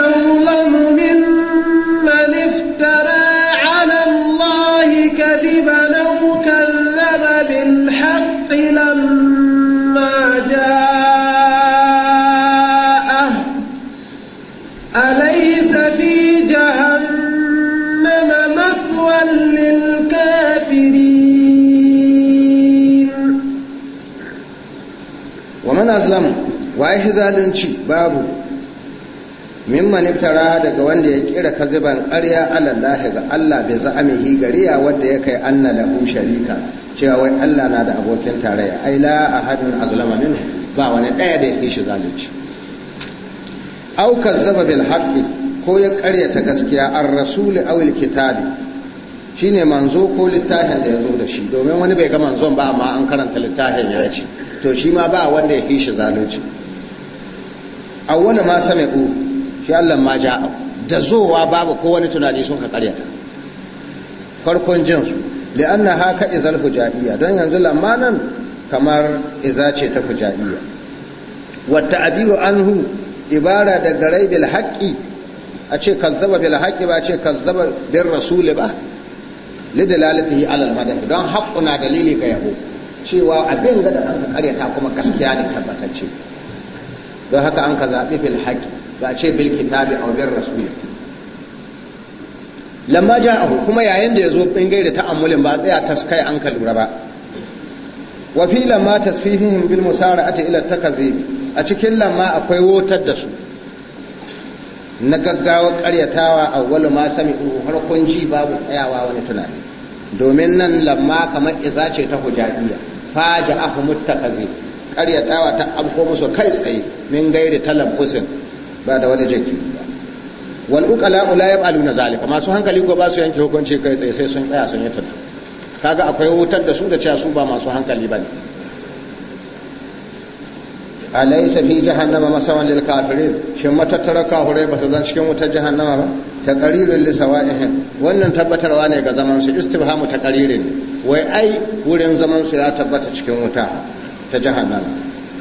azlam waye shi zalunci babu mimman iftara daga wanda ya kira kaziban ƙarya alallahi ga Allah bai za'amihi gariya wadda ya kai anna lahu sharika cewa wai Allah na da abokin tarayya ai la ahadun azlama min ba wani ɗaya da ya fi shi zalunci aw kazzaba bil haqqi ko ya ƙaryata gaskiya ar rasul aw al kitabi shine manzo ko littafin da ya zo da shi domin wani bai ga manzon ba amma an karanta littafin ya ce to shi ma ba wanda ya fi shi zalunci awwala ma sami'u shi Allah ma ja da zowa babu ko wani tunani sun ka karyata farkon jin su li'anna haka izal hujaiya don yanzu lamanan kamar iza ce ta hujaiya wa ta'biru anhu ibara da garai bil haqqi a ce kazzaba bil haqqi ba a ce kazzaba bil rasul ba lidalalatihi al madah don haqquna dalili ka yabo cewa abin gada an karyata kuma gaskiya ne tabbatacce don haka an ka zaɓi bil haƙi ba ce bil kitabi a bir rasul lamma a kuma yayin da ya zo bangare da ta'amulin ba tsaya taskai an ka lura ba wa fi lamma tasfihihim bil musara'ati ila takazib a cikin lamma akwai wotar da su na gaggawa karyatawa awwalu ma sami'u harkon ji babu tsayawa wani tunani domin nan lamma kamar iza ce ta hujjaiya faja ahu karya karyatawa ta amko musu kai tsaye min gairi kusin ba da wani jiki wal ya balu na zalika masu hankali ko ba su yanke hukunci kai tsaye sai sun tsaya sun yi tattu kaga akwai wutar da su da cewa su ba masu hankali ba ne. alaysa fi jahannama masawan lil kafirin shin matattara kafirai ba ta zan cikin wutar jahannama ba taqririn li sawa'ihim wannan tabbatarwa ne ga zaman su istibhamu taqririn wai ai wurin zamansu ya tabbata cikin wuta ta jahannan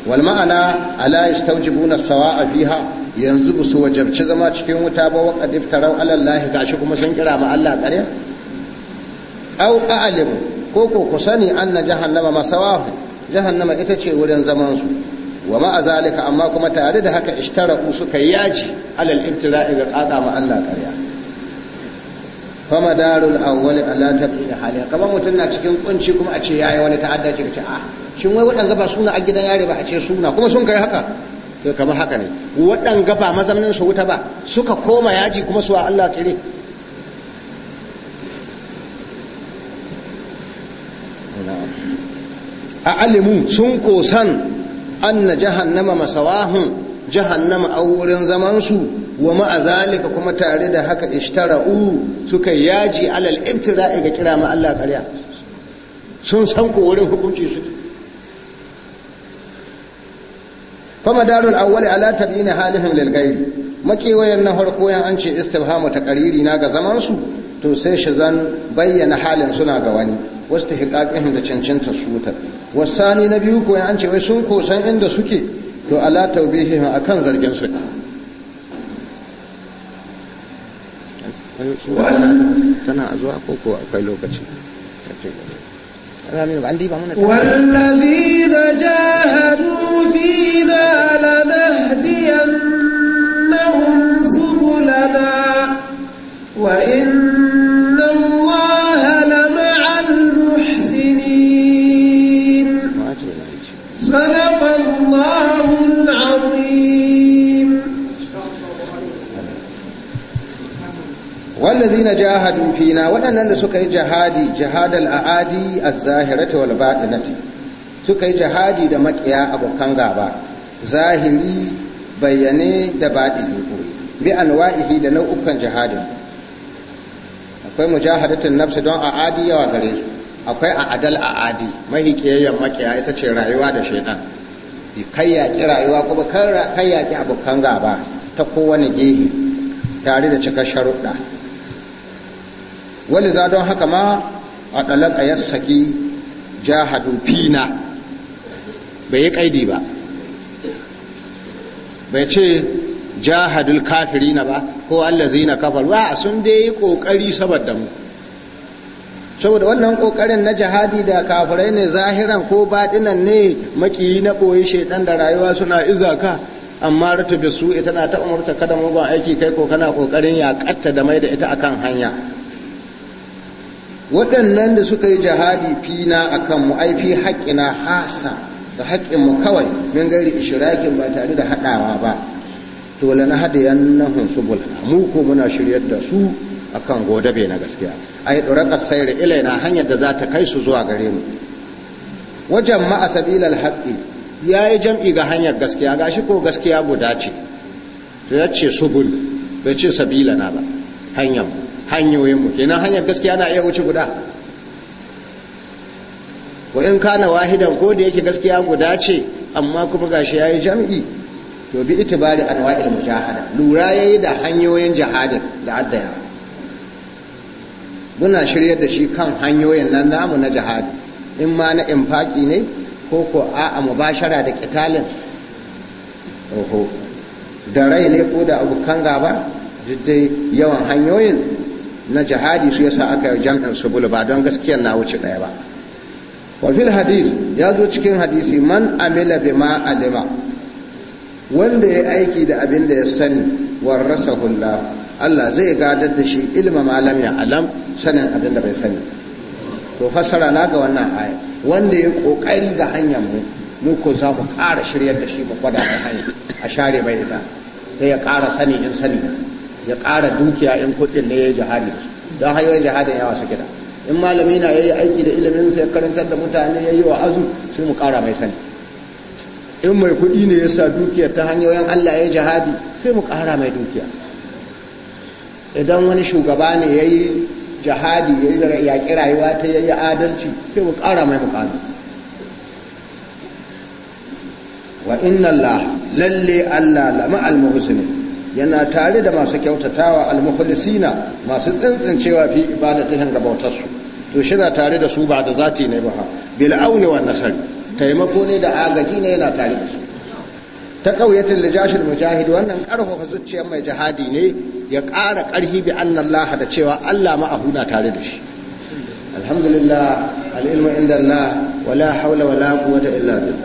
wal ma'ana ala yastawjibuna sawa'a fiha yanzu ba su wajabci zama cikin wuta ba wa qad iftaraw ala allah gashi kuma sun kira ma allah ƙarya au a'lamu ko ko ku sani anna jahannama masawahu jahannama ita ce wurin zaman su wa ma'a amma kuma tare da haka ishtara'u suka yaji alal ibtira'i ga qada ma allah ƙarya fama darul awwal ala tabdil hali kamar mutun na cikin kunci kuma a ce yayi wani ta'adda ce kace ah shin wai waɗanga ba suna a gidan yare ba a ce suna kuma sun kai haka to kamar haka ne waɗanga ba mazamnin su wuta ba suka koma yaji kuma su wa Allah kire a alimu sun kosan anna jahannama masawahun jahannama a wurin zamansu wa ma'a zalika kuma tare da haka ishtara'u suka yaji alal ibtira'i ga kira ma Allah ƙarya sun san ku wurin hukunci su fama darul awwali ala tabyina halihim lil ghairi makewayan na farko yan an ce ta taqariri na ga zaman su to sai shi zan bayyana halin suna ga wani wasu tahqiqihim da cancanta su ta wasani na biyu ko an ce wai sun kosan inda suke to ala tawbihihim akan zargin su tana zuwa ko ko akwai lokaci والذين جاهدوا فينا لنهدينهم سبلنا وإن na jahadu fina waɗannan da suka yi jihadi jihadal a'adi az-zahirati wal batinati suka yi jihadi da makiya abokan gaba zahiri bayyane da batini ko bi anwa'ihi da nau'ukan jihadin akwai mujahadatun nafsi don a'adi yawa gare su akwai adal a'adi mahi kiyayyen makiya ita ce rayuwa da shaitan kai yaƙi rayuwa kuma kai yaƙi abokan gaba ta kowane gehe tare da cika sharuɗa wani za don haka ma a ɗalaka ya saki jahadu fina bai yi ƙaidi ba bai ce kafiri na ba ko allazina kafaru a sun dai yi ƙoƙari saboda mu saboda wannan kokarin na jihadi da kafirai ne zahiran ko baɗinan ne makiyi na ɓoye shaidan da rayuwa suna izaka amma rata su ita na ta umarta kada mugun aiki kai ko kana kokarin ya katta da mai da ita akan hanya waɗannan da suka yi jihadi fina a kanmu ai fi haƙƙina hasa da haƙƙinmu kawai min gari ishirakin ba tare da haɗawa ba to la na hada yannahum subul mu ko muna shiryar da su akan godabe na gaskiya ai duraqas sayr na hanyar da za ta kai su zuwa gare mu wajen ma'a sabilal haqqi yayi jam'i ga hanyar gaskiya gashi ko gaskiya guda ce to ya ce subul bai ce na ba hanyar mu hanyoyinmu kenan hanyar gaskiya na iya wuce guda wa in kana wahidan ko da yake gaskiya guda ce amma kuma gashi yayi jam'i to bi itibari anwa'il mujahada lura yayi da hanyoyin jihadin da addaya muna shiryar da shi kan hanyoyin nan namu na jihadi in ma na infaki ne ko ko a'a mubashara da kitalin oho da rai ne ko da abokan gaba duk dai yawan hanyoyin na jihadi su yasa aka yi jam'in subul ba don gaskiyar na wuce ɗaya ba wafil hadis ya zo cikin hadisi man amila bima alima wanda ya aiki da abin da ya sani warrasa hulla Allah zai gadar da shi ilma malam ya alam sanin abin da bai sani to fassara na ga wannan aya wanda ya kokari da hanyar mu mu ko za ku ƙara shiryar da shi mu kwada mai hanya a share mai ita sai ya ƙara sani in sani ya ƙara dukiya in kuɗin ne ya yi jihadi don hanyoyin jihadin yawa suke da in malami na ya yi aiki da sa ya karantar da mutane ya yi wa azu sai mu ƙara mai sani in mai kuɗi ne ya sa dukiya ta hanyoyin allah ya yi jihadi sai mu ƙara mai dukiya idan wani shugaba ne ya yi jihadi ya yaƙi rayuwa ta ya yi adalci sai mu ƙara mai muƙami wa inna allah lalle allah lama al-muhsinin yana tare da masu kyautatawa almukhlisina masu tsintsincewa fi ibadatihim da bautarsu to shi na tare da su ba da zati ne ba bil auni wan nasar taimako ne da agaji ne yana tare da su ta kauyatin lijashil mujahid wannan karfafa zuciyar mai jihadi ne ya ƙara ƙarfi bi annallaha da cewa Allah ma'ahu na tare da shi alhamdulillah al-ilmu inda Allah wala hawla wala quwwata illa billah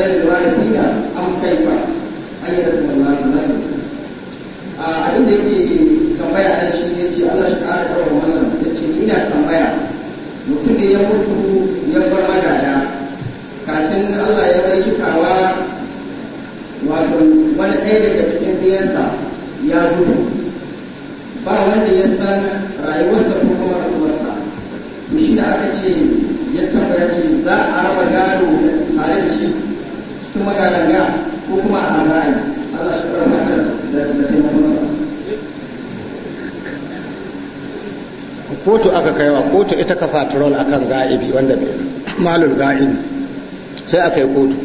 غير الوالدين أم كيف أن يكون الله النسل abin da yake tambaya nan shi ne ce Allah shi ƙara ɗaura wannan ya ce ina tambaya mutum ne ya mutu ya bar magada kafin Allah ya bai cikawa wato wani ɗaya daga cikin biyansa ya gudu ba wanda ya san rayuwarsa ko kuma rasuwarsa shi da aka ce ya tambaya ce za a raba gado tare da shi kuma ga danga ko kuma a zai Allah shi kuma da da taimakon sa kotu aka kaiwa kotu ita ka fatrol akan ga'ibi wanda bai malul ga'ibi sai aka yi kotu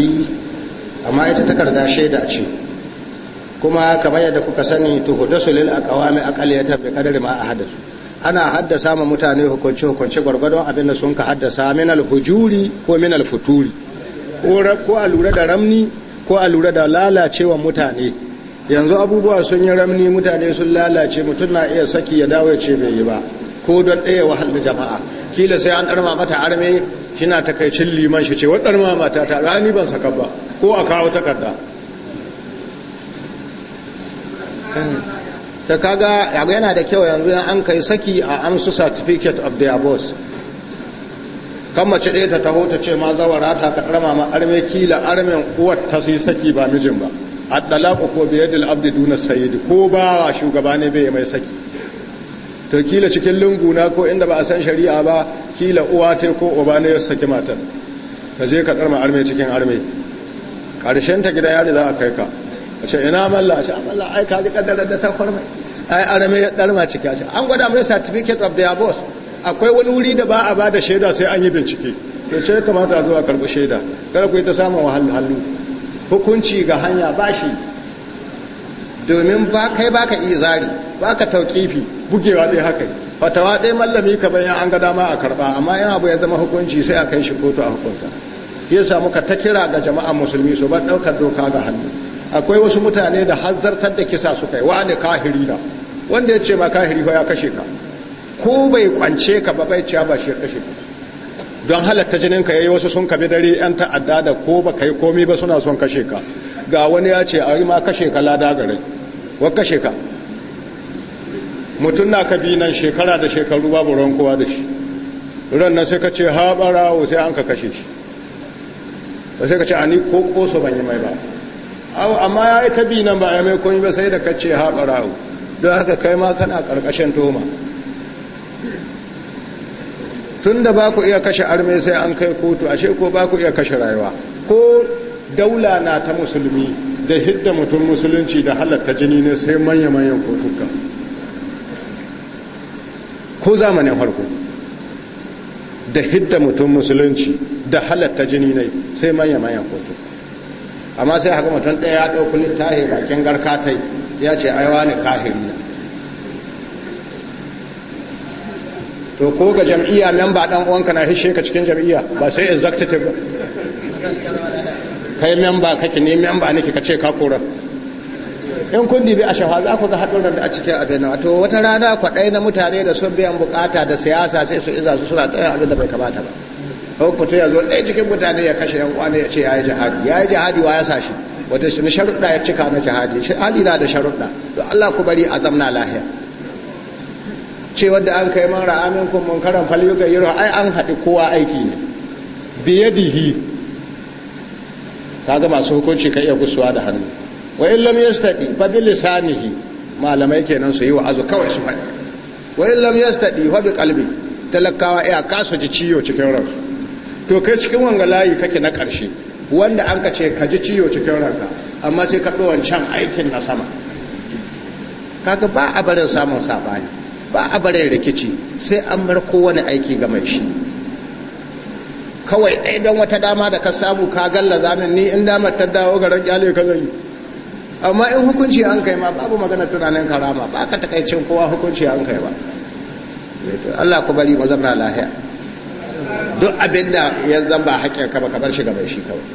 baki amma ita takarda shaida ce kuma kamar yadda kuka sani tuhudasu lil aqwami aqaliyatan bi qadri ma ana haddasa ma mutane hukunci hukunci gwargwadon abin da sun ka haddasa min al hujuri ko min al futuri ko a lura da ramni ko a lura da lalacewa mutane yanzu abubuwa sun yi ramni mutane sun lalace mutum na iya saki ya dawo ya ce bai yi ba ko don ɗaya wahal jama'a kila sai an ɗarma mata arme kina takaicin liman shi ce waɗar ma mata ta rani ban saka ba ko a kawo takarda ta kaga yana da kyau yanzu an kai saki a amsu certificate of the abos kan mace ɗaya ta taho ta ce ma zawara ta karama ma arme kila armen uwar ta su yi saki ba mijin ba ɗalaƙo ko biyadil abdi duna sayidi ko wa shugaba ne bai mai saki to kila cikin na ko inda ba a san shari'a ba kila uwa ta ko uba ne ya saki matar ka je ka ɗarma arme cikin arme ƙarshen ta gidan yari za a kai ka a ce ina malla a ce ah, malla ai ka ji kaddarar da ta kwarmai ai arme ya ɗarma ciki a ce an gwada mai certificate of their boss akwai wani wuri da ba a ba da shaida sai an yi bincike to ce ya kamata a zo a karɓi shaida kada ku yi ta samun wahalhalu hukunci ga hanya ba shi domin ba kai ba ka izari ba ka tauƙifi bugewa ɗaya haka fatawa ɗaya mallami ka bayan an ga dama a karɓa amma yana abu ya zama hukunci sai a kai shi kotu a hukunta ya samu ka ta kira ga jama'a musulmi su bar ɗaukar doka ga hannu akwai wasu mutane da hanzartar da kisa suka yi wani kahiri na wanda ya ce ma kahiri ya kashe ka ko bai kwance ka ba bai ciya ba shi kashe ka don halatta jinin ka yayi wasu sun kabi dare yan ta'adda da ko ba kai komi ba suna son kashe ka ga wani ya ce a yi ma kashe ka lada ga rai. wakka sheka ka mutum na ka bi nan shekara da shekaru babu ruwan kowa da shi ran nan sai ka ce ha barawo sai an ka kashe shi sai ka ce ani ko koso ban yi mai ba amma ya yi bi nan ba ya mai komi ba sai da ka ce ha barawo don haka kai ma kana karkashin toma tun da ba ku iya kashe arme sai an kai kotu ashe ko ba ku iya kashe rayuwa ko daula na ta musulmi da hidda mutum musulunci da halatta jini ne sai manya-manyan kotuka ko zamanin farko da hidda mutum musulunci da halatta jini ne sai manya-manyan kotuka amma sai haka mutum ɗaya ya ɗauku littahi bakin garkatai ya ce aiwa ne kahiri na to ko ga jam'iyya memba ɗan uwanka na hishe ka cikin jam'iyya ba sai executive ba kai memba kake ne memba ne ka ce ka kora in kundi bi a shafa za ku ga haɗuran da a cikin abin nan wata rana kwaɗai na mutane da sun biyan bukata da siyasa sai su iza su suna tsaye abin da bai kamata ba ko ku ya zo ɗaya cikin mutane ya kashe yan kwana ya ce ya yi jihadi ya yi jihadi wa ya sa shi wata shi na sharuɗa ya cika na jihadi ali na da sharuɗa to Allah ku bari a zamna lahiya ce wanda an kai mara amin kun munkaran falyuga yiro ai an haɗi kowa aiki ne biyadihi kaga masu hukunci ka iya gusuwa da hannu wa in yastadi fa bil lisanihi malamai kenan su yi wa'azu kawai su faɗi wa in yastadi fa bi qalbi talakawa iya kasu ji ciyo cikin ranka to kai cikin wanga layi kake na ƙarshe wanda an ka ce ka ji ciyo cikin ranka amma sai ka ɗo wancan aikin na sama kaga ba a barin samun saɓani ba a barin rikici sai an bar kowane aiki ga mai shi kawai ɗaya don wata dama da ka samu ka galla zamin ni in damar ta dawo garin kyale ka zai amma in hukunci an kai ma babu magana tunanin karama ba ka takaicin kowa hukunci an kai ba Allah ku bari mu na lahiya duk abin da ba zamba haƙƙin ka ba ka bar shi gaban shi kawai